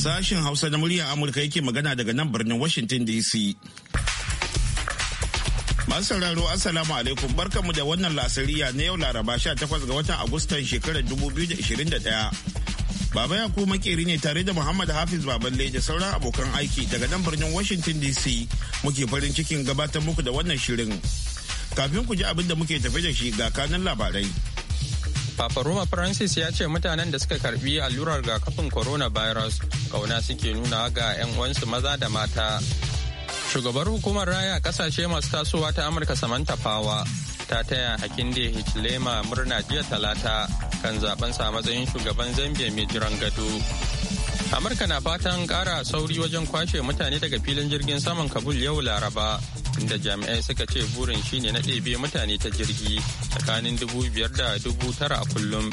Sashen Hausa na muryar Amurka yake magana daga nan birnin Washington DC. Masu sauraro Assalamu alaikum mu da wannan lasariya na yau Laraba 18 ga watan Agustan shekarar 2021. Baba Yakubu makeri ne tare da Muhammad Hafiz Baballe da sauran abokan aiki daga nan birnin Washington DC muke farin cikin gabatar muku da wannan shirin. Kafin ku ji abin da muke tafi da shi ga kanan labarai. Papa Roma Francis ya ce mutanen da suka karbi allurar rigakafin coronavirus kauna suke nuna ga 'yan uwansu maza da mata. Shugabar hukumar raya kasashe masu tasowa ta Amurka Samantha Power ta taya hakin da Hichilema murna jiya talata kan zaben sa matsayin shugaban Zambia mai jiran gado. amurka na fatan kara sauri wajen kwashe mutane daga filin jirgin saman kabul yau laraba inda jami'ai suka ce burin shine na ɗebe mutane ta jirgi tsakanin dubu biyar da dubu tara a kullum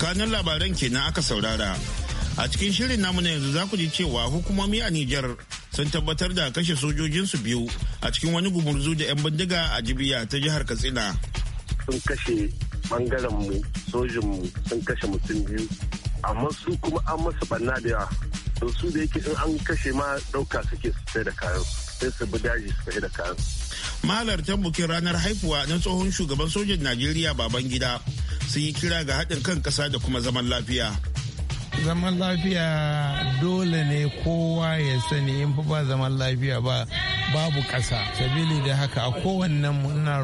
kanun labaran kenan aka saurara a cikin shirin namu na yanzu za ku ji cewa hukumomi a nijar sun tabbatar da kashe sojojinsu biyu a cikin wani gumurzu da 'yan bindiga a jibiya ta jihar katsina sun kashe bangaren mu sojin mu sun kashe mutum biyu amma su kuma an masa banna da yawa to su da yake in an kashe ma dauka suke sai da kayan sai su bi daji su da kayan. ta bukin ranar haifuwa na tsohon shugaban sojan najeriya babangida sun yi kira ga haɗin kan ƙasa da kuma zaman lafiya. zaman lafiya dole ne kowa ya sani in ba zaman lafiya ba babu ƙasa sabili da haka a kowannen mu ina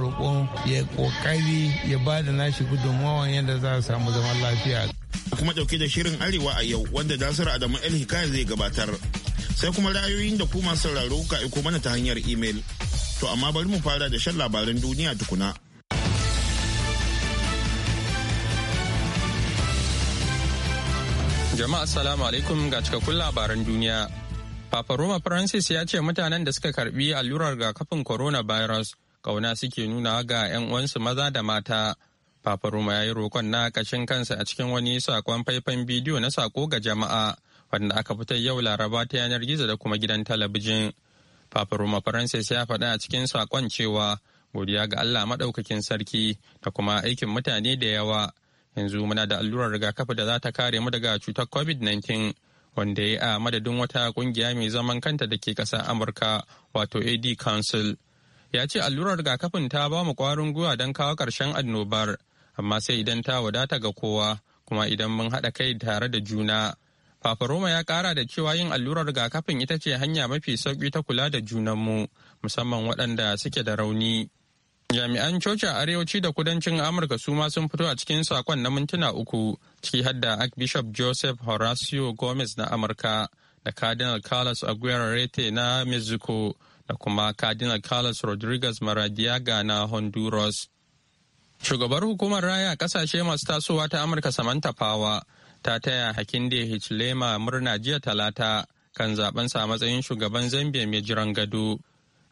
roƙon ya ƙoƙari ya ba da nashi gudunmawa yadda za a samu zaman lafiya kuma ɗauke da shirin arewa a yau wanda dasara adamu el hikaya zai gabatar sai kuma ra'ayoyin da kuma masu sauraro ka aiko mana ta hanyar imel to amma bari mu fara da shan labaran duniya tukuna Jama'a Assalamu alaikum ga cikakkun labaran duniya. Papa Roma Francis ya ce mutanen da suka karbi allurar corona coronavirus kauna suke nuna ga 'yan uwansu maza da mata. Papa Roma ya yi roƙon na kashin kansa a cikin wani saƙon faifan bidiyo na sako ga jama'a wanda aka fitar yau laraba ta yanar gizo da kuma gidan talabijin. Papa Roma Francis ya faɗa a cikin saƙon cewa godiya ga Allah maɗaukakin sarki da kuma aikin mutane da yawa yanzu muna da allurar rigakafi da za ta kare mu daga cutar covid-19 wanda ya a madadin wata kungiya mai zaman kanta da ke ƙasar amurka wato ad council ya ce allurar rigakafin ta ba mu kwarin gwiwa don kawo ƙarshen annobar amma sai idan ta wadata ga kowa kuma idan mun haɗa kai tare da juna fafaroma ya ƙara da cewa yin allurar rigakafin ita ce hanya mafi sauƙi ta kula da junanmu musamman waɗanda suke da rauni Jami'an coci a arewaci da kudancin Amurka su ma sun fito a cikin sakon na mintuna uku ciki har da Archbishop Joseph Horacio Gomez na Amurka da Cardinal Carlos Aguirre Rete na Mexico da kuma Cardinal Carlos Rodriguez Maradiaga na Honduras. Shugabar hukumar raya kasashe masu tasowa ta Amurka Samantha Power ta taya Hakinde Hichilema murna jiya talata kan zaben sa matsayin shugaban Zambia mai jiran gado.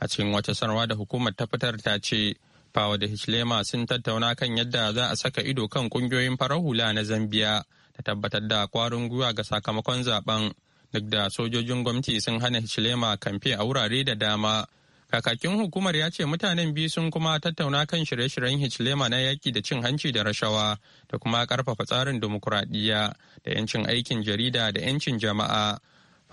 a cikin wata sanarwa da hukumar ta fitar ta ce fawa da hishlema sun tattauna kan yadda za a saka ido kan kungiyoyin farar hula na zambiya da tabbatar da kwarin gwiwa ga sakamakon zaben duk da sojojin gwamnati sun hana hishlema kamfe a wurare da dama kakakin hukumar ya ce mutanen biyu sun kuma tattauna kan shirye-shiryen hislema na yaƙi da cin hanci da rashawa da kuma ƙarfafa tsarin dimokuraɗiyya da 'yancin aikin jarida da 'yancin jama'a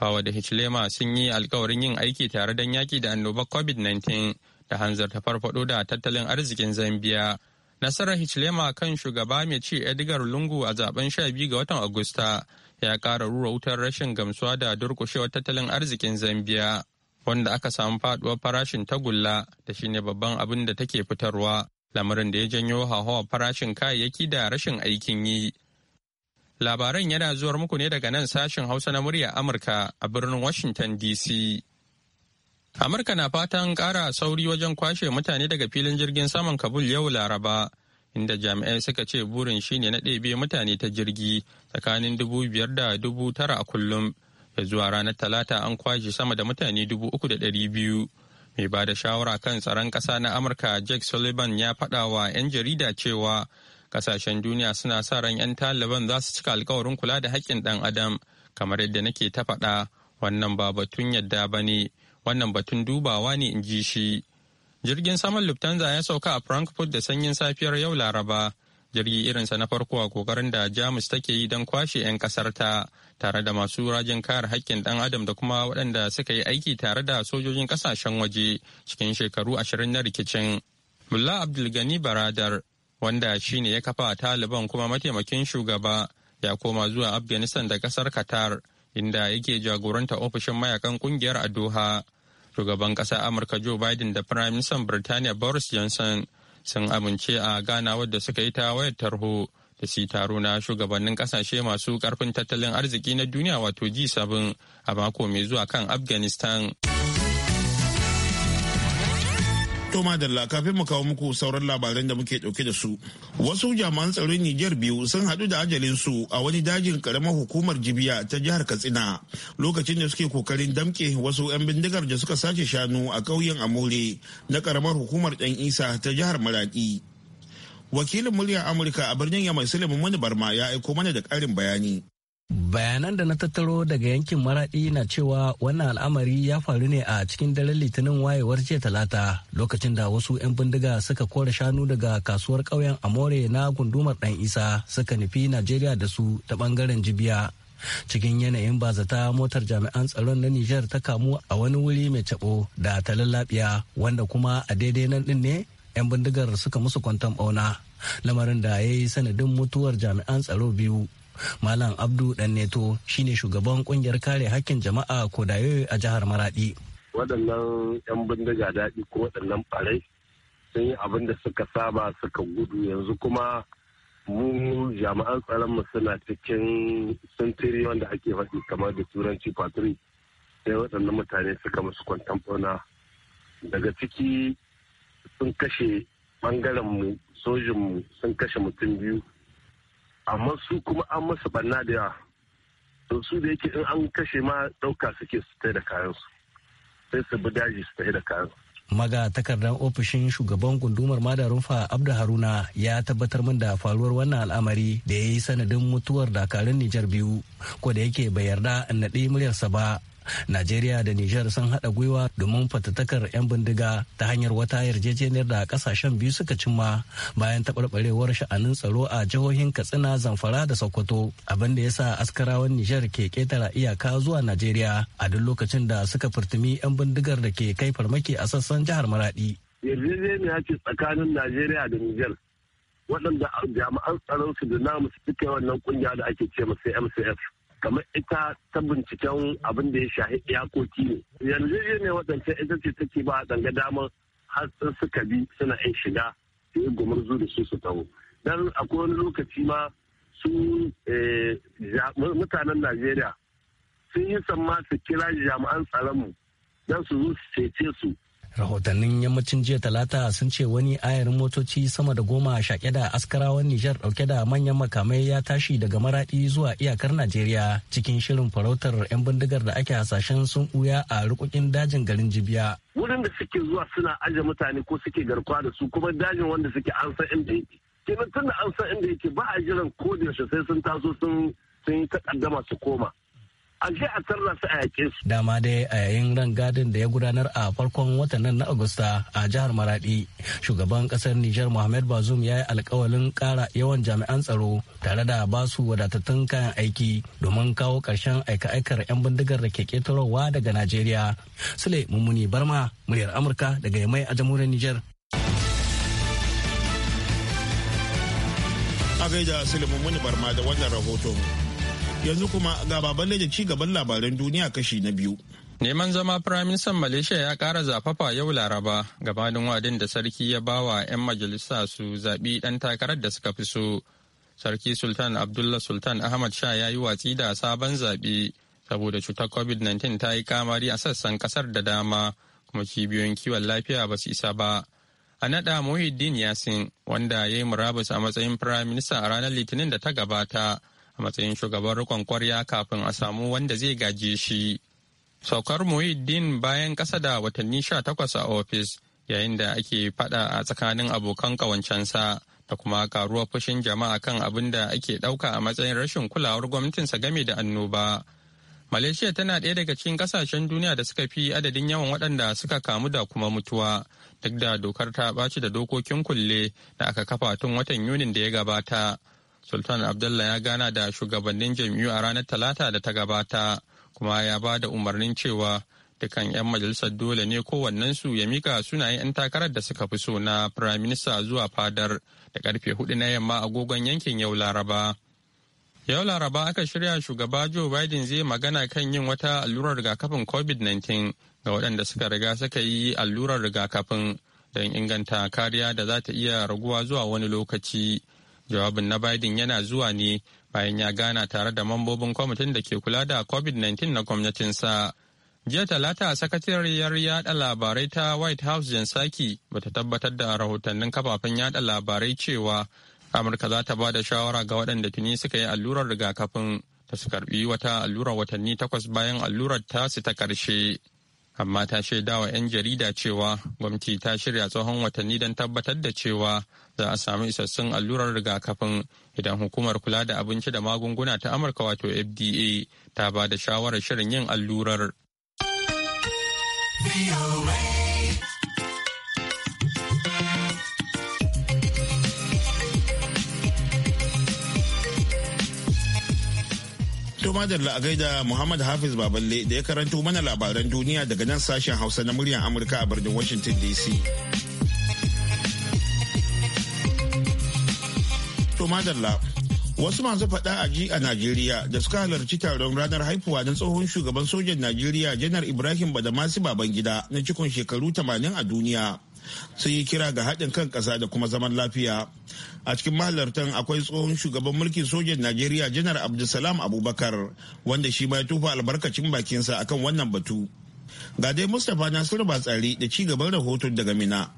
Fawa da Hichilema sun yi alkawarin yin aiki tare don yaƙi da annobar COVID-19 da hanzar ta farfado da tattalin arzikin zambia Nasarar Hichilema kan shugaba mai ci Edgar Lungu a zaben 12 ga watan Agusta ya ƙara rura wutar rashin gamsuwa da durƙushewar tattalin arzikin zambia wanda aka samu faɗuwar farashin tagulla da shine babban abin da take fitarwa, lamarin da ya janyo hauhawar farashin kayayyaki da rashin aikin yi. Labaran yana zuwar muku ne daga nan sashen Hausa na murya Amurka a birnin Washington DC. Amurka na fatan ƙara sauri wajen kwashe mutane daga filin jirgin saman Kabul yau Laraba, inda jami'ai suka ce burin shine na ɗebe mutane ta jirgi tsakanin dubu biyar da dubu tara a kullum. Da zuwa ranar Talata an kwashe sama da mutane dubu uku da ɗari biyu. Mai ba da shawara kan tsaron ƙasa na Amurka Jake Sullivan ya faɗa wa 'yan jarida cewa Kasashen duniya suna sa ran 'yan Taliban za su cika alkawarin kula da haƙƙin ɗan adam kamar yadda nake ta faɗa wannan ba batun yadda ba ne wannan batun dubawa ne in ji shi. Jirgin saman Lufthansa ya sauka a Frankfurt da sanyin safiyar yau Laraba. jirgi irinsa na farko a kokarin da jamus take yi don kwashe 'yan ta tare da masu rajin kayar haƙƙin ɗan adam da kuma waɗanda suka yi aiki tare da sojojin ƙasashen waje cikin shekaru ashirin na rikicin mullah abdulgani baradar wanda shi ne ya kafa taliban kuma mataimakin shugaba ya koma zuwa afghanistan da kasar qatar inda yake jagoranta ofishin mayakan kungiyar a doha shugaban ƙasar amurka joe biden da prime minister birtaniya boris johnson sun amince a ghana wadda suka yi ta wayar tarho da su taro na shugabannin kasashe masu karfin tattalin arziki na duniya wato g7 a mako mai zuwa kan afghanistan. To madalla kafin mu kawo muku sauran labaran da muke dauke da su. Wasu jami'an tsaron Nijar biyu sun haɗu da ajalin su a wani dajin karamar hukumar Jibiya ta jihar Katsina lokacin da suke kokarin damke wasu 'yan bindigar da suka sace shanu a ƙauyen Amore na karamar hukumar Ɗan Isa ta jihar Maraki. Wakilin muryar Amurka a birnin Yamai Suleiman Mani Barma ya aiko mana da ƙarin bayani. bayanan da na tattaro daga yankin maraɗi na cewa wannan al'amari ya faru ne a cikin daren litinin wayewar jiya talata lokacin da wasu 'yan bindiga suka kore shanu daga kasuwar ƙauyen amore na gundumar ɗan isa suka nufi najeriya da su ta ɓangaren jibiya cikin yanayin bazata motar jami'an tsaron na nijar ta kamu a wani wuri mai cabo da talallabiya wanda kuma a daidai nan din ne 'yan bindigar suka musu kwanton ɓauna lamarin da ya yi sanadin mutuwar jami'an tsaro biyu Malam Abdu Danneto shine shugaban kungiyar kare hakkin jama'a Kodayo a jihar Maradi. Waɗannan 'yan bindiga daɗi ko waɗannan farai sun yi abin da suka saba suka gudu yanzu kuma mu jami'an mu suna cikin sintiri wanda ake faɗi kamar da turanci patri sai waɗannan mutane suka musu kwantan daga ciki sun kashe ɓangaren sojin sojinmu sun kashe mutum biyu amma su kuma an masa banna da yawa to su da yake in an kashe ma dauka suke su tai da kayan su sai su bi daji su tai da kayan maga takardar ofishin shugaban gundumar mada rufa abda haruna ya tabbatar min da faruwar wannan al'amari da ya yi sanadin mutuwar dakarun nijar biyu ko da yake bai yarda in naɗi muryarsa ba najeriya da nijar sun haɗa gwiwa domin fatattakar 'yan bindiga ta hanyar wata yarjejeniyar da kasashen biyu suka cimma bayan taɓarɓarewar sha'anin tsaro a jihohin katsina zamfara da sokoto abin da ya askarawan nijar ke ketara iyaka zuwa najeriya a duk lokacin da suka furtumi 'yan bindigar da ke kai farmaki a sassan jihar maradi yarjejeniya ce tsakanin najeriya da nijar waɗanda jami'an tsaron su da namu su suka wannan kungiya da ake ce masa mcf kamar ita ta binciken abin da ya shahi iyakoki ne yanzu ne waɗancan ita ce take ba danga damar har suka bi suna yin shiga su yi gumurzu da su su taho dan akwai wani lokaci ma su eh, mutanen najeriya sun yi samma su kira jami'an tsaronmu don su zo su cece su rahotannin yammacin jiya talata sun ce wani ayarin motoci sama da goma shaƙe da askarawan nijar ɗauke da manyan makamai ya tashi daga maraɗi zuwa iyakar najeriya cikin shirin farautar 'yan bindigar da ake hasashen sun ɓuya a rukukin dajin garin jibiya wurin da suke zuwa suna aje mutane ko suke garkuwa da su kuma dajin wanda suke an san inda yake kenan tun an san inda yake ba a jiran ko da yaushe sai sun taso sun sun yi takaddama su koma a je a tarrasa a su. Dama dai a yayin rangadin da ya gudanar a farkon watan nan na Agusta a jihar Maradi, shugaban ƙasar Nijar Mohamed Bazoum ya yi alkawalin ƙara yawan jami'an tsaro tare da basu wadatattun kayan aiki domin kawo ƙarshen aika-aikar 'yan bindigar da ke ƙetarowa daga Najeriya. Sule Mummuni Barma, muryar Amurka daga Yamai a jamhuriyar Nijar. Abeja Sule Mummuni Barma da wannan rahoton. yanzu kuma ga baban da ci gaban labaran duniya kashi na biyu. Neman zama Firaministan Malaysia ya kara zafafa yau Laraba gabanin wadin da sarki ya bawa 'yan majalisa su zaɓi ɗan takarar da suka fi so. Sarki Sultan Abdullah Sultan Ahmad Shah ya yi watsi da sabon zaɓe saboda cutar COVID-19 ta yi kamari a sassan ƙasar da dama kuma cibiyoyin kiwon lafiya ba su isa ba. A naɗa Muhyiddin Yasin wanda ya yi murabus a matsayin Firaminista a ranar Litinin da ta gabata. a matsayin shugaban rikon kwarya kafin a samu wanda zai gaje shi. Saukar Muhyiddin bayan ƙasa da watanni sha takwas a ofis yayin da ake fada a tsakanin abokan ƙawancensa da kuma karuwar fushin jama'a kan abin da ake ɗauka a matsayin rashin kulawar gwamnatinsa game da annoba. Malaysia tana ɗaya daga cikin ƙasashen duniya da suka fi adadin yawan waɗanda suka kamu da kuma mutuwa duk da dokar ta ɓaci da dokokin kulle da aka kafa tun watan Yunin da ya gabata. Sultan Abdullah ya gana da shugabannin jam'iyyu a ranar Talata da ta gabata kuma ya ba da umarnin cewa dukkan 'yan majalisar dole ne kowannensu ya mika sunayen 'yan takarar da suka fi so na firaminista zuwa fadar da karfe hudu na yamma agogon yankin yau laraba. Yau laraba aka shirya shugaba Joe Biden zai magana kan yin wata allurar rigakafin COVID-19 ga waɗanda suka riga suka yi allurar rigakafin don inganta kariya da za ta iya raguwa zuwa wani lokaci Jawabin na Biden yana zuwa ne bayan ya gana tare da mambobin kwamitin da ke kula da COVID-19 na gwamnatinsa. Jiya Talata, sakatariyar yada labarai ta White House jan saki bata tabbatar da rahotannin kafafen yada labarai cewa Amurka za ta ba da shawara ga waɗanda tuni suka yi allurar rigakafin ta su karbi wata allurar watanni takwas bayan allurar tasu ta ƙarshe. amma ta shaidawa 'yan jarida cewa gwamnati ta shirya tsohon watanni don tabbatar da cewa za a sami isassun allurar rigakafin idan hukumar kula da abinci da magunguna ta amurka wato fda ta ba da shawarar shirin yin allurar Toma da da Muhammad Hafiz Baballe da ya karanto mana labaran duniya daga nan sashen Hausa na muryar Amurka a birnin Washington DC. madalla wasu masu faɗa a ji a najeriya da suka halarci taron ranar haifuwa na tsohon shugaban sojan najeriya janar ibrahim badamasi babangida na cikon shekaru 80 a duniya sun yi kira ga haɗin kan ƙasa da kuma zaman lafiya a cikin mahalartan akwai tsohon shugaban mulkin sojan najeriya janar abdulsalam abubakar wanda shi ma ya tufa albarkacin bakinsa akan wannan batu ga dai mustapha nasiru batsari da ci gaban rahoton daga mina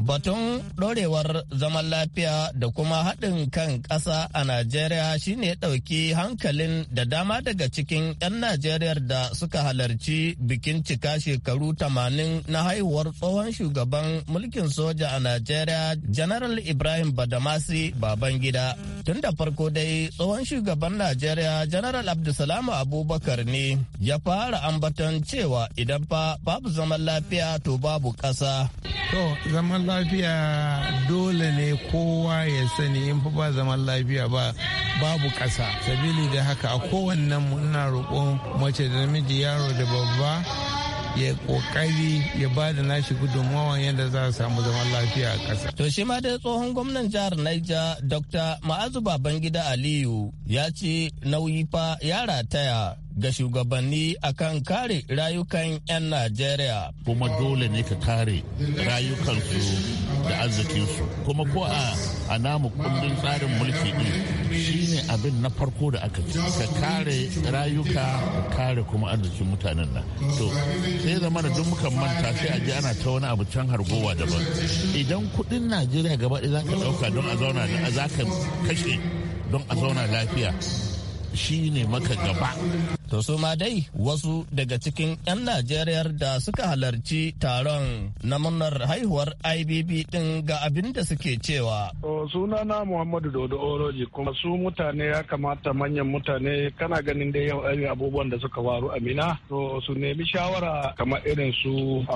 Batun ɗorewar zaman lafiya da kuma haɗin kan ƙasa a Najeriya shine ɗauki hankalin da dama daga cikin 'yan Najeriya da suka halarci bikin cika shekaru 80 na haihuwar tsohon shugaban mulkin soja a Najeriya, General Ibrahim Badamasi Babangida. Tun da farko dai tsohon shugaban Najeriya, General Abdulsalamu Abubakar ne ya fara ambaton cewa idan fa babu zaman lafiya to babu ƙasa. lafiya dole ne kowa ya sani in fa ba zaman lafiya ba babu ƙasa sabili da haka a kowanne mu ina roƙon mace da namiji yaro da babba ya kokari ya ba da nashi gudunmawa yadda za a samu zaman lafiya a ƙasa. To shi ma da tsohon gwamnan jihar Niger Dr. Ma'azu Babangida Aliyu ya ce nauyi fa ya rataya da shugabanni akan kare rayukan 'yan Najeriya. Kuma dole ne ka kare rayukansu da arzikinsu. Kuma ko a namu kundin tsarin mulki din shi ne abin na farko da aka ce Ka kare rayuka ka kare kuma arzikin mutanen nan. To sai zama da duk mukan manta sai a ji ana ta wani abu can hargowa daban. Idan kuɗin Najeriya gaba ɗaya za ka ɗauka don a zauna za ka kashe don a zauna lafiya. shi ne maka gaba To su ma dai wasu daga cikin 'yan Najeriya da suka halarci taron na murnar haihuwar IBB din ga abin da suke cewa. sunana Muhammadu Dodo Oroji kuma su mutane ya kamata manyan mutane kana ganin da yau ainihin abubuwan da suka faru Amina to su nemi shawara kamar irin su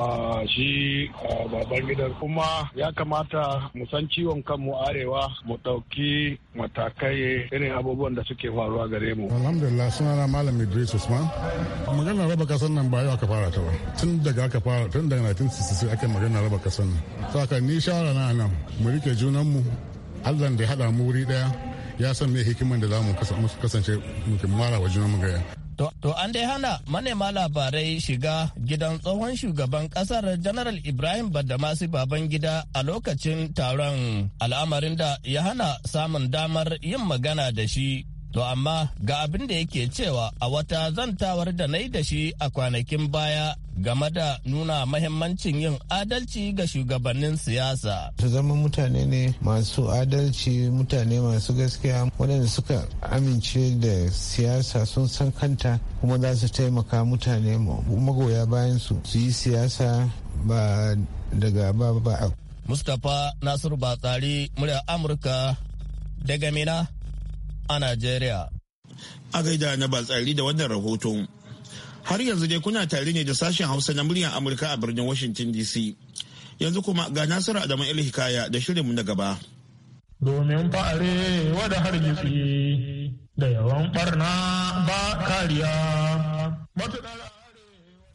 shi baban gidan kuma ya kamata mu san ciwon kanmu arewa mu ɗauki matakai irin abubuwan da suke faruwa gare mu. Alhamdulillah sunana Malam Idris Idris Usman. Maganar raba kasar nan ba yau aka fara ta ba. Tun daga aka fara tun daga 1966 ake magana raba kasar nan. Saka ni shara na nan mu rike junan mu Allah da ya haɗa mu wuri daya ya san me hikiman da za mu kasance muke mara wa junan mu gaya. To an dai hana manema labarai shiga gidan tsohon shugaban kasar Janaral Ibrahim Badamasi baban gida a lokacin taron al'amarin da ya hana samun damar yin magana da shi To amma ga abin da yake cewa a wata zantawar da na yi da shi a kwanakin baya game da nuna mahimmancin yin adalci ga shugabannin siyasa. Su zama mutane ne masu adalci mutane masu gaskiya waɗanda suka amince da siyasa sun san kanta kuma za su taimaka mutane magoya bayan su su yi siyasa ba daga ba ba. Mustapha Nasiru Batsari murya Amurka daga Mina. a Najeriya. A gaida na ba tsari da wannan rahoton. Har yanzu dai kuna tare ne da sashen Hausa na muryar Amurka a birnin Washington DC. Yanzu kuma ga Nasiru Adamu Hikaya da shirinmu na gaba. Domin fa'are wada hargitsi da yawan barna ba kariya.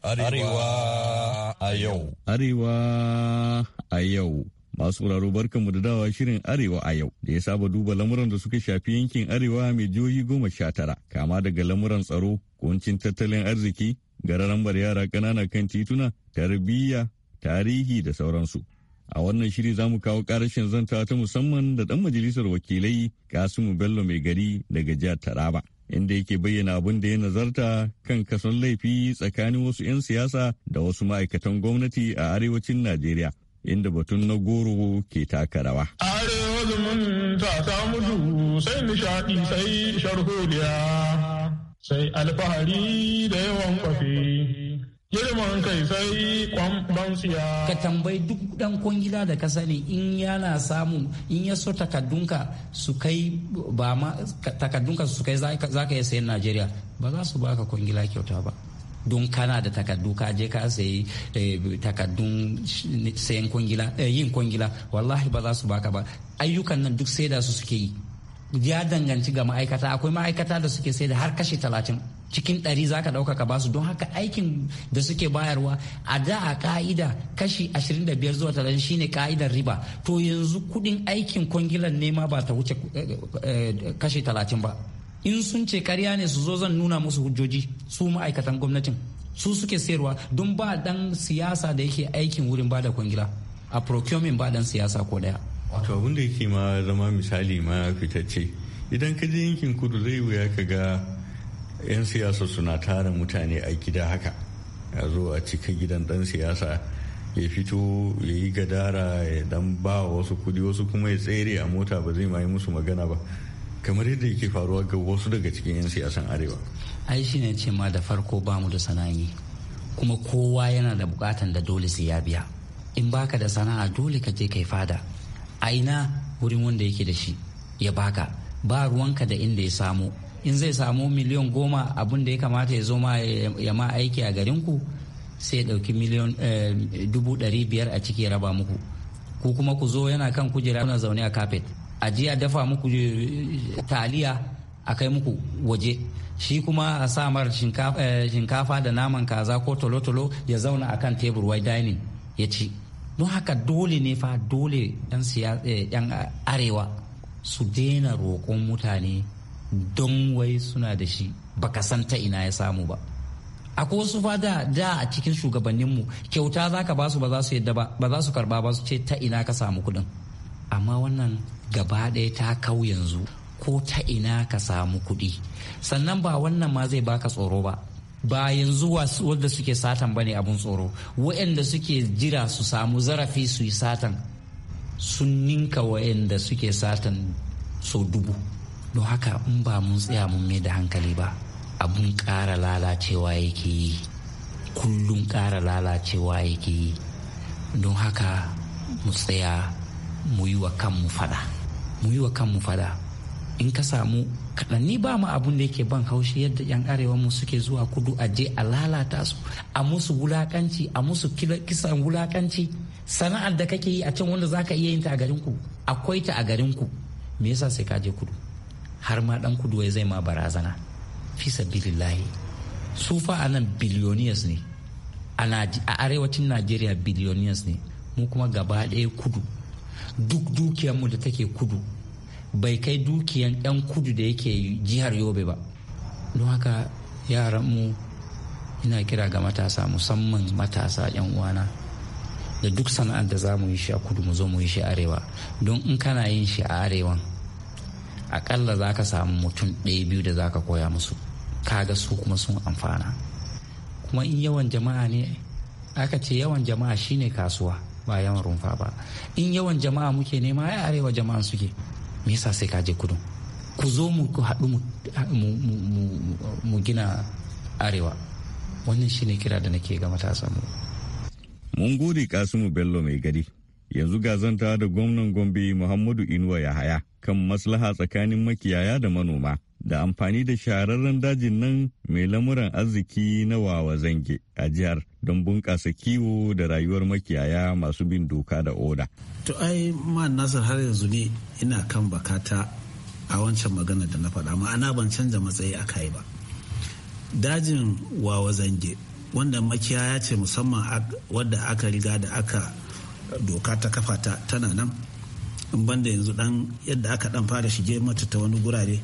Arewa a yau. Arewa a yau. Masu wuraro mu da dawa shirin Arewa a yau da ya saba duba lamuran da suka shafi yankin Arewa mai jihohi goma sha tara kama daga lamuran tsaro, kuncin tattalin arziki, gararambar yara ƙanana kan tituna, tarbiyya, tarihi da sauransu. A wannan shiri za mu kawo ƙarashin zanta ta musamman da ɗan majalisar wakilai Kasimu Bello mai gari daga jihar Taraba. Inda yake bayyana abin da ya nazarta kan kason laifi tsakanin wasu 'yan siyasa da wasu ma'aikatan gwamnati a arewacin Najeriya. inda batun na goro ke taka rawa. Arewa zumunta ta mutu sai nishaɗi sai sharholiya sai alfahari da yawan kwafi. Girman kai sai kwamban siya. Ka tambayi duk ɗan kwangila da ka sani in yana samu in ya so takaddunka su kai ba ma takaddunka su kai za ka iya sayan Najeriya ba za su baka kwangila kyauta ba. don kana da takardu ka je ka sayi eh, takardun sayan kwangila eh, yin kwangila wallahi ba za su baka ba ayyukan nan duk sai da su suke yi ya danganci ga ma'aikata akwai ma'aikata da suke sai da har kashe talatin cikin ɗari za ka ɗauka ka basu don haka aikin da suke bayarwa a da a ka'ida kashi 25 zuwa talatin shine ka'idar riba to yanzu kuɗin aikin kwangilan nema ba ta wuce eh, kashi talatin ba in sun ce karya ne su zo zan nuna musu hujjoji su ma'aikatan gwamnatin su suke sayarwa don ba dan siyasa da yake aikin wurin ba da kwangila a procurement ba dan siyasa ko daya wato abin yake ma zama misali ma fitacce idan ka je yankin kudu zai wuya ka ga 'yan siyasa suna tara mutane a gida haka ya zo a cika gidan dan siyasa ya fito ya yi gadara ya dan ba wasu kudi wasu kuma ya tsere a mota ba zai ma yi musu magana ba kamar yadda yake faruwa ga wasu daga cikin 'yan siyasan arewa ai shi ne ce ma da farko ba mu da sana'i kuma kowa yana da bukatan da dole sai ya biya in baka da sana'a dole ka je kai fada a ina wurin wanda yake da shi ya baka ba ruwanka da inda ya samu in zai samu miliyan goma abun da ya kamata ya zo ma ya ma aiki a garin ku sai ya ɗauki miliyan eh, dubu ɗari biyar a ciki ya raba muku ku kuma ku zo yana kan kujera kuna zaune a kafet a a dafa muku eh, taliya a kai muku waje shi kuma a samar eh, shinkafa da naman kaza ko tolotolo ya zauna a kan tebur wai dining ya ci don haka dole ne fa dole 'yan eh, arewa su daina roƙon mutane don wai suna da shi baka san ta ina ya samu ba a wasu fa da a cikin shugabanninmu kyauta za ka basu ba za su yadda ba ba za su karba ba su ce ta ina ka samu kuɗin amma wannan gaba ɗaya ta kau yanzu ko ta ina ka samu kuɗi sannan ba wannan ma zai baka tsoro ba ba yanzu wadda suke satan bane abun tsoro waɗanda suke jira su samu zarafi su yi satan sun ninka waɗanda suke satan sau dubu don haka in ba mun tsaya mun mai da hankali ba abun ƙara lalacewa yake yi kullum ƙara lalacewa yake yi don haka mu tsaya mu yi wa kanmu fada mu yi wa kanmu fada in ka samu kaɗanni ba mu abun da yake ban haushi yadda yan arewa mu suke zuwa kudu a je a lalata su a musu wulakanci a musu kisan wulakanci sana'ar da kake yi a can wanda zaka iya yin ta a garin ku akwai ta a garin ku me yasa sai ka je kudu har ma dan kudu wai zai ma barazana fi sabilillahi su fa anan billionaires ne a arewacin najeriya billionaires ne mu kuma gaba ɗaya kudu duk dukiyarmu da take kudu bai kai dukiyan 'yan kudu da yake jihar yobe ba don haka yaranmu ina kira ga matasa musamman matasa 'yan uwana da duk sana'ar da za mu yi shi a kudu mu zo mu yi shi arewa don in kana yin shi a arewan akalla za ka samu mutum ɗaya biyu da za ka koya musu kaga su kuma sun amfana kuma in yawan jama'a ne aka ce yawan jama'a shine kasuwa ba yawan rumfa ba in yawan jama'a muke nema ya arewa jama'a suke me yasa sai ka je kudu ku zo mu haɗu mu gina arewa wannan shine kira da nake ga matasan mu mun gode kasimu bello mai gari yanzu gazanta da gwamnan gombe muhammadu inuwa yahaya kan maslaha tsakanin makiyaya da manoma da amfani da shahararren dajin nan mai lamuran arziki na wawa zange a jihar don bunƙasa kiwo da rayuwar makiyaya masu bin doka da oda. To ai ma nasar har yanzu ne ina kan bakata a wancan magana da na faɗa ma'ana ban canza matsayi a kai ba. Dajin wawa zange wanda makiyaya ce musamman wadda aka riga da aka doka ta kafa ta tana nan in banda yanzu dan yadda aka dan fara shige mata ta wani gurare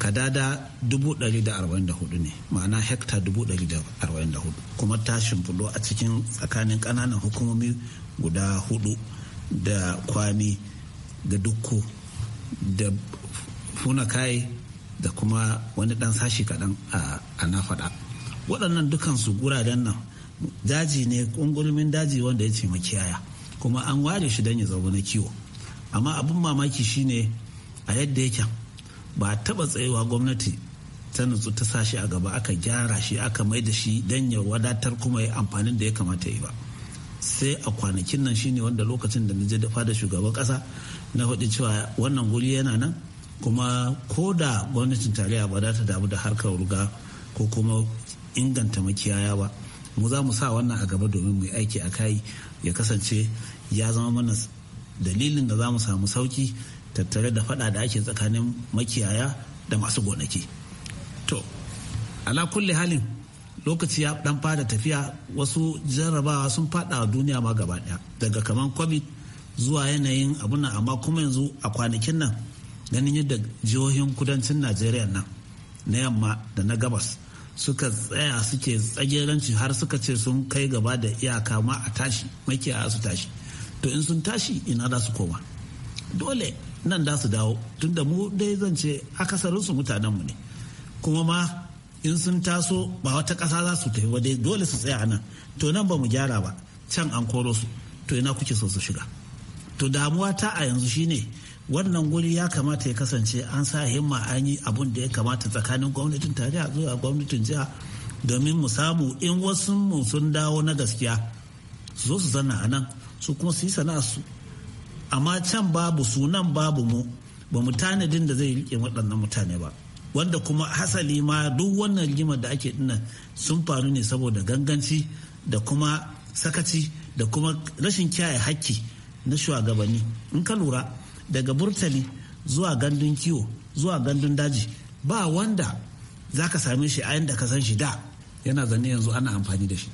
kadada 144 ne ma'ana hekta 144 kuma ta shimfiɗo a cikin tsakanin ƙananan hukumomi guda hudu da kwami da dukku da funakai da kuma wani ɗan sashi kaɗan a na faɗa waɗannan dukansu guraren nan daji ne ƙungulmin daji wanda ya ce makiyaya kuma an ware shi don ya zama na kiwo amma abin mamaki shine a yadda yake ba a taba tsayewa gwamnati ta nutsu ta sashi a gaba aka gyara shi aka mai da shi don ya wadatar kuma ya amfanin da ya kamata yi ba sai a kwanakin nan shine wanda lokacin da je da da shugaban kasa na faɗi cewa wannan guri yana nan kuma ko da gwamnatin tarayya ba za ta damu da harkar ruga ko kuma inganta makiyaya ba mu za mu sa wannan a gaba domin mu yi aiki a kai ya kasance ya zama mana dalilin da za mu samu sauki tattare da fada da ake tsakanin makiyaya da masu gonaki to ala kulle halin lokaci ya dan fada tafiya wasu jarrabawa sun fada duniya ma gaba daya daga kaman covid zuwa yanayin abuna amma kuma yanzu a kwanakin nan ganin yadda jihohin kudancin najeriya nan na yamma da na gabas suka tsaya suke tsageranci har suka ce sun kai gaba da iyaka ma a tashi makiyaya su tashi to in sun tashi ina za su koma dole nan da su dawo tunda mu dai zan ce akasarinsu mu ne kuma ma in sun taso ba wata ƙasa za su tafi wadai dole su tsaya nan to nan ba mu gyara ba can an koro su to ina kuke so su shiga to damuwa ta a yanzu shine wannan guri ya kamata ya kasance an sa himma an yi abun da ya kamata tsakanin gwamnatin tarayya zuwa gwamnatin jiha domin mu samu in wasu mu sun dawo na gaskiya su zo su zanna a nan su kuma su yi sana'a su. amma can babu sunan babu mu ba mu tanadin da zai rike waɗannan mutane ba wanda kuma hasali ma duk wannan rigimar da ake dinnan sun faru ne saboda ganganci da kuma sakaci da kuma rashin kiyaye hakki na shugabanni in ka lura daga burtali zuwa gandun kiwo zuwa gandun daji ba wanda za ka same shi a yadda ka san shi da yana zane yanzu ana amfani da shi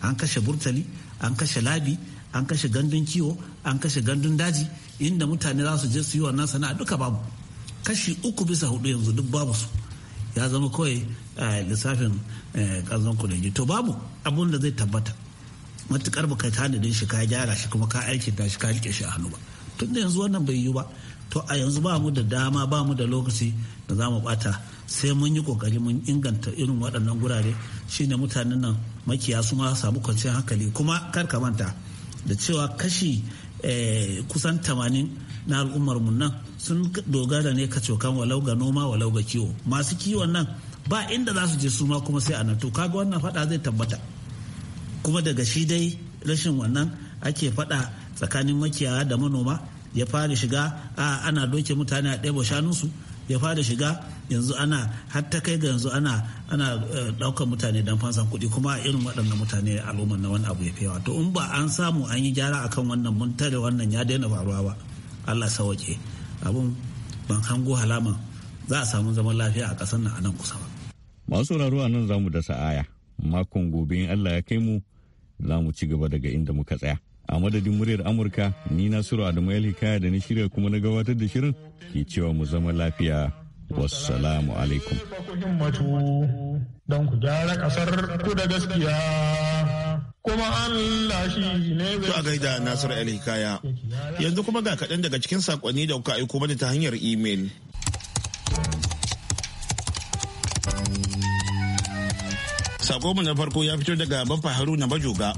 an kashe burtali an kashe labi an kashe gandun kiwo an kashe gandun daji inda mutane za su je su yi wannan sana'a duka babu kashi uku bisa hudu yanzu duk babu su ya zama kawai eh, lissafin kazan eh, kudanji to babu abun da zai tabbata matukar baka tanadin shi ka gyara shi kuma ka aiki da shi ka rike shi a hannu ba tun da yanzu wannan bai yi ba to a yanzu ba mu da dama ba mu da lokaci da za mu bata sai mun yi kokari mun inganta irin waɗannan gurare shine mutanen nan makiya su ma samu kwanciyar hankali kuma kar ka manta da cewa kashi eh, kusan tamanin na al'ummar mu nan sun dogara ne kacokan walau ga noma walau ga kiwo masu kiwon nan ba inda za su je suma kuma sai a nato to kaga wannan fada zai tabbata kuma daga shi dai rashin wannan ake fada tsakanin makiyaya da manoma ya fara shiga a ana doke mutane a ɗaya shanunsu ya fara shiga yanzu ana har ta kai ga yanzu ana ana daukar eh, mutane dan fansan kuɗi kuma irin waɗannan mutane al'ummar na wani abu ya fi to in ba an samu an yi gyara akan wannan mun tare wannan ya daina faruwa ba Allah sawake abun ban hango halaman za a samu zaman lafiya a ƙasar nan anan nan kusa ba. Masu sauraro a nan zamu mu da sa'aya makon gobe in Allah ya kai mu za mu ci gaba daga inda muka tsaya. a madadin muryar amurka ni nasiru adamu hikaya da na shirya kuma na gabatar da shirin ke cewa mu zama lafiya wassalamu alaikum don ku gyara kasar ku da gaskiya kuma Allah shi ne to a gaida nasiru hikaya yanzu kuma ga kaɗan daga cikin sakonni da kuka aiko mana ta hanyar imel mu na farko ya fito daga Baffa Haruna majoga.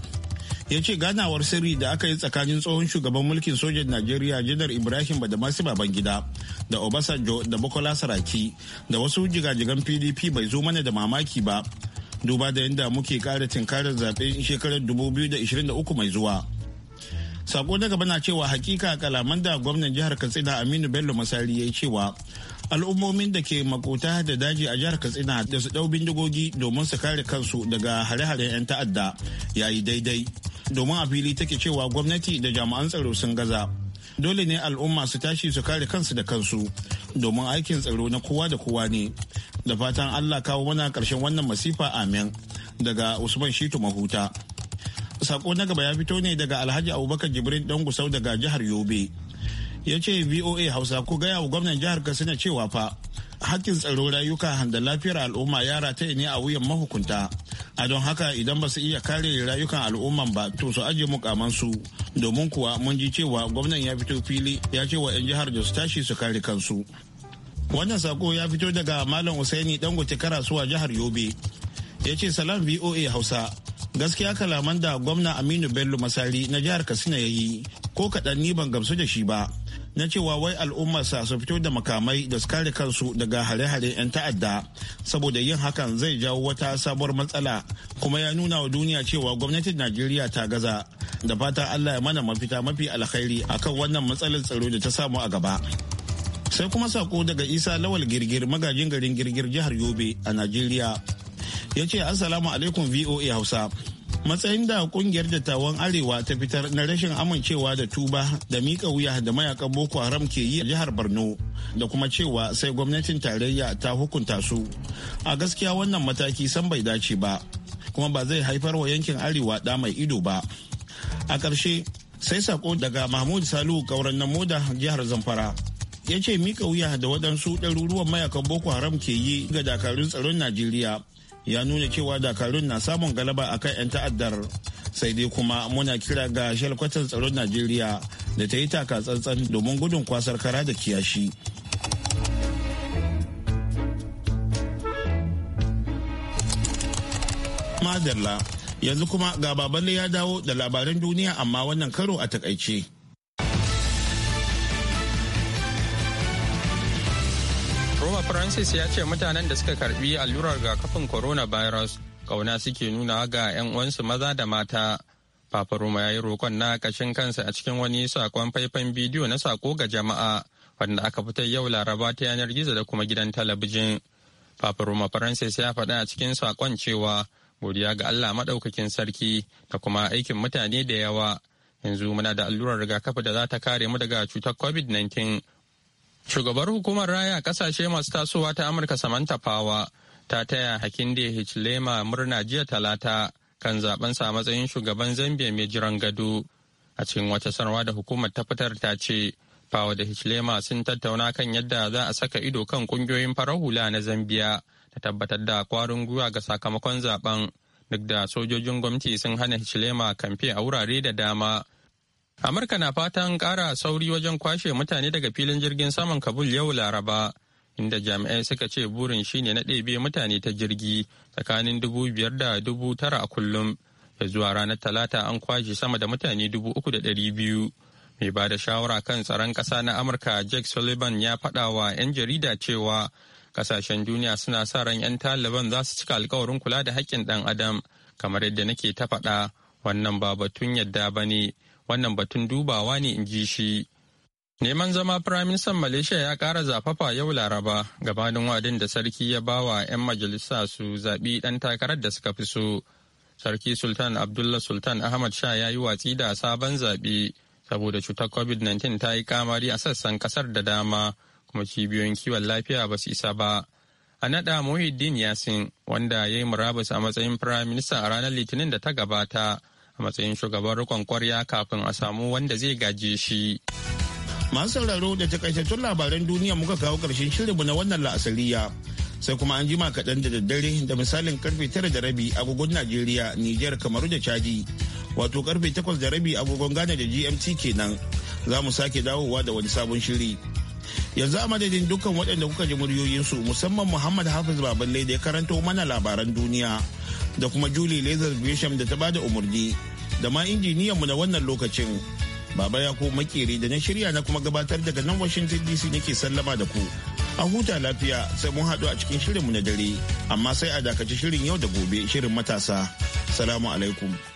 ya ce ganawar sirri da aka yi tsakanin tsohon shugaban mulkin sojan najeriya janar ibrahim badamasi babangida da obasanjo da bukola saraki da wasu jigajigan pdp bai zo mana da mamaki ba duba da yadda muke kara tinkarar zaɓen shekarar 2023 mai zuwa sako na gaba na cewa hakika kalaman da gwamnan jihar katsina aminu bello masari ya yi cewa al'ummomin da ke makota da daji a jihar katsina da su ɗau bindigogi domin su kare kansu daga hare hare 'yan ta'adda ya yi daidai domin a fili take cewa gwamnati da jami'an tsaro sun gaza dole ne al'umma su tashi su kare kansu da kansu domin aikin tsaro na kowa da kowa ne da fatan allah kawo mana karshen wannan masifa amin daga usman shitu mahuta Sako na gaba ya fito ne daga Alhaji Abubakar Jibrin dan Gusau daga jihar Yobe. Ya ce VOA Hausa ko gaya wa gwamnan jihar Katsina cewa fa hakkin tsaro rayuka da lafiyar al'umma ya ta ne a wuyan mahukunta a don haka idan ba su iya kare rayukan al'umman ba to su ajiye aje su domin kuwa mun ji cewa gwamnan ya fito fili ya ce wa 'yan jihar da su tashi su kare kansu wannan sako ya fito daga malam usaini dangote karasuwa jihar yobe ya ce salam voa hausa gaskiya kalaman da gwamna aminu bello masari na jihar katsina ya yi ko kaɗan ni ban gamsu da shi ba na cewa wai al'ummarsa su fito da makamai da su kare kansu daga hare-hare 'yan ta'adda saboda yin hakan zai jawo wata sabuwar matsala kuma ya nuna wa duniya cewa gwamnatin najeriya ta gaza da fata allah ya mana mafita mafi alkhairi akan wannan matsalar tsaro da ta samu a gaba sai kuma sako daga isa lawal girgir magajin garin girgir jihar yobe a najeriya ya ce assalamu alaikum voa hausa matsayin da kungiyar dattawan arewa ta fitar na rashin amincewa da tuba da miƙa wuya da mayakan boko haram ke yi a jihar borno da kuma cewa sai gwamnatin tarayya ta hukunta su a gaskiya wannan mataki san bai dace ba kuma ba zai haifar wa yankin arewa da mai ido ba a ƙarshe sai sako daga mahmud salihu kauran na moda jihar zamfara ya ce miƙa wuya da waɗansu ɗaruruwan mayakan boko haram ke yi ga dakarun tsaron najeriya ya nuna cewa dakarun na samun galaba a kan 'yan ta'addar sai dai kuma muna kira ga shalkwatar tsaron najeriya da ta yi taka tsantsan domin gudun kwasar kara da kiyashi madalla yanzu kuma ga baballe ya dawo da labaran duniya amma wannan karo a takaice. Papa Francis ya ce mutanen da suka karbi allurar rigakafin coronavirus kauna suke nuna ga 'yan uwansu maza da mata. Papa Roma ya yi roƙon na ƙashin kansa a cikin wani sakon faifan bidiyo na sako ga jama'a wanda aka fitar yau laraba ta yanar gizo da kuma gidan talabijin. Papa Roma Francis ya faɗa a cikin sakon cewa godiya ga Allah maɗaukakin sarki da kuma aikin mutane da yawa. Yanzu muna da allurar rigakafi da za ta kare mu daga cutar COVID-19 Shugabar hukumar raya kasashe masu tasowa ta Amurka Samantha Power ta taya Hakinde Hichilema murna jiya talata kan zaben sa matsayin shugaban Zambia mai jiran gado. A cikin wata sanarwa da hukumar ta fitar ta ce, Power da Hichilema sun tattauna kan yadda za a saka ido kan kungiyoyin farar hula na Zambia da tabbatar da kwarin gwiwa ga sakamakon zaben duk da sojojin gwamnati sun hana Hichilema kamfe a wurare da dama Amurka na fatan kara sauri wajen kwashe mutane daga filin jirgin saman Kabul yau Laraba, inda jami'ai suka ce burin shine na ɗebe mutane ta jirgi tsakanin dubu biyar da dubu tara a kullum. Da zuwa ranar Talata an kwashe sama da mutane dubu uku da ɗari biyu. Mai ba da shawara kan tsaron ƙasa na Amurka Jake Sullivan ya faɗa wa 'yan jarida cewa ƙasashen duniya suna sa ran 'yan Taliban za su cika alkawarin kula da haƙƙin ɗan adam kamar yadda nake ta faɗa wannan ba batun yadda ba ne. wannan batun dubawa ne in ji shi neman zama firaministan malaysia ya kara zafafa yau laraba gabanin wadin da sarki ya ba wa 'yan majalisa su zaɓi ɗan takarar da suka fi so sarki sultan abdullah sultan ahmad shah ya yi watsi da sabon zaɓe saboda cutar covid-19 ta yi kamari a sassan kasar da dama kuma cibiyoyin kiwon lafiya ba su isa ba a naɗa Muhyiddin yasin wanda ya yi murabus a matsayin firaminista a ranar litinin da ta gabata a matsayin shugaban rikon kwarya kafin a samu wanda zai gaje shi. Masu sauraro da takaitattun labaran duniya muka kawo karshen shirinmu na wannan la'asariya. Sai kuma an jima kaɗan da daddare da misalin karfe tara da rabi agogon Najeriya, Nijar, Kamaru da Chadi. Wato karfe takwas da rabi agogon Ghana da GMT kenan. Za mu sake dawowa da wani sabon shiri. yanzu a madadin dukkan waɗanda kuka ji muryoyinsu musamman muhammad hafiz baballe da ya karanto mana labaran duniya da kuma Julie Lazar Gresham da ta bada umarni da ma injiniyan mu na wannan lokacin. Baba Yakub Makeri da na shirya na kuma gabatar daga nan Washington DC nake sallama da ku. A huta lafiya sai mun haɗu a cikin shirinmu na dare, amma sai a dakaci shirin yau da gobe shirin matasa. Salamu alaikum.